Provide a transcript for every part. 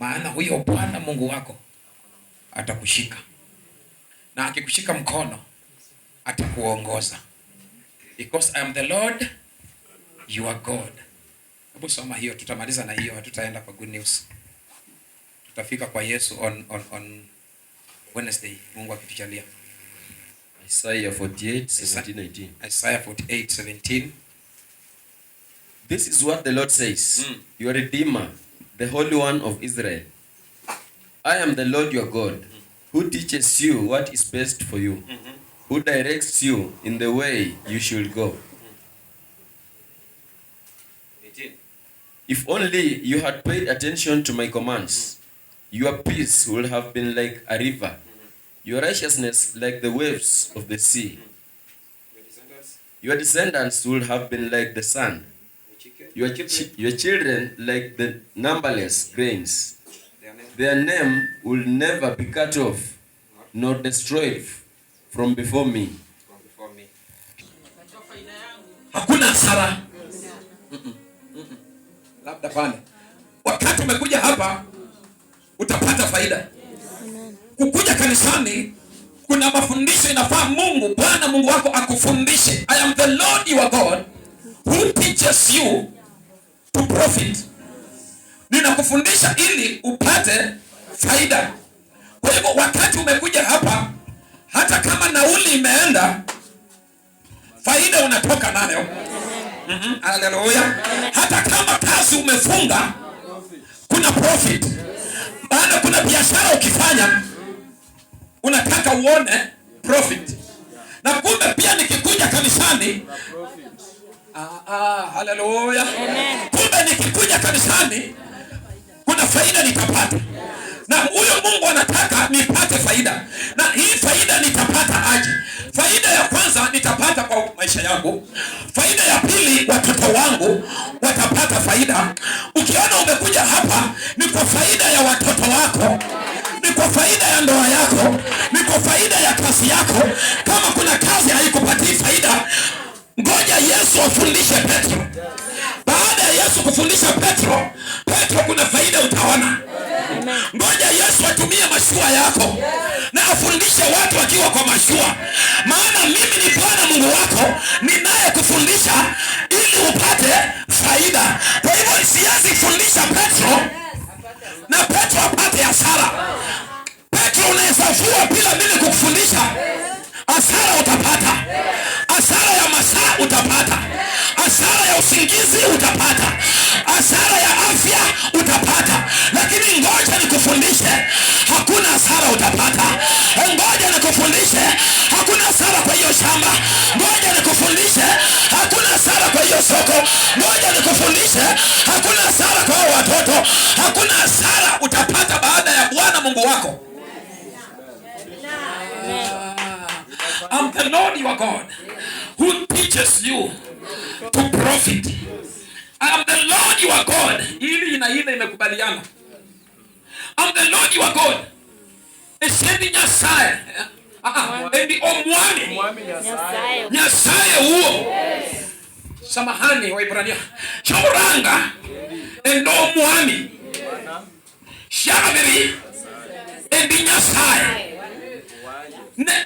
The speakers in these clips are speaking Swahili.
maana huyo Bwana Mungu wako atakushika, na akikushika mkono atakuongoza, because I am the Lord your God. Hebu soma hiyo, tutamaliza na hiyo, hatutaenda kwa good news, tutafika kwa Yesu on, on, on Wednesday, Mungu akitujalia. Isaiah 48:17. Isaiah 48:17. This is what the Lord says, mm. your redeemer the Holy One of Israel. I am the Lord your God, who teaches you what is best for you, who directs you in the way you should go. If only you had paid attention to my commands, your peace would have been like a river, your righteousness like the waves of the sea. Your descendants would have been like the sun your, chi your children like the numberless grains. Their name will never be cut off nor destroyed from before me. Hakuna hasara. Labda pale. Wakati umekuja hapa utapata faida. Kukuja kanisani kuna mafundisho inafaa Mungu Bwana Mungu wako akufundishe. I am the Lord your God who teaches you to profit. Ninakufundisha ili upate faida. Kwa hivyo wakati umekuja hapa, hata kama nauli imeenda, faida unatoka nayo. mm -hmm. Haleluya! Hata kama kazi umefunga, kuna profit, maana kuna biashara ukifanya, unataka uone profit. Na kumbe pia nikikuja kanisani Ah, ah, haleluya. Kumbe nikikuja kanisani kuna faida nitapata, na huyo Mungu anataka nipate faida, na hii faida nitapata aje? Faida ya kwanza nitapata kwa maisha yangu, faida ya pili watoto wangu watapata faida. Ukiona umekuja hapa ni kwa faida ya watoto amfundishe Petro. Baada ya Yesu kufundisha Petro, Petro kuna faida utaona. Ngoja Yesu atumie mashua yako na afundishe watu wakiwa kwa mashua, maana mimi ni Bwana Mungu wako ninayekufundisha ili upate faida. Kwa hivyo siwezi kufundisha saba. moja nikufundishe, hakuna hasara kwa hiyo soko. moja nikufundishe, hakuna hasara kwa hao watoto, hakuna hasara utapata baada ya Bwana Mungu wako. I'm the Lord your God who teaches you to profit. I'm the Lord your God. Ili imekubaliana. I'm the Lord your God. Nyasaye endi omwami oh, nyasaye uwo samahani waibrania chauranga endi omwami oh, shaviri endi nyasaye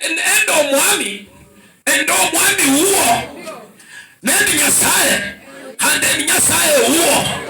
endi omwami oh, endi omwami uwo nendi nyasaye endi nyasaye uwo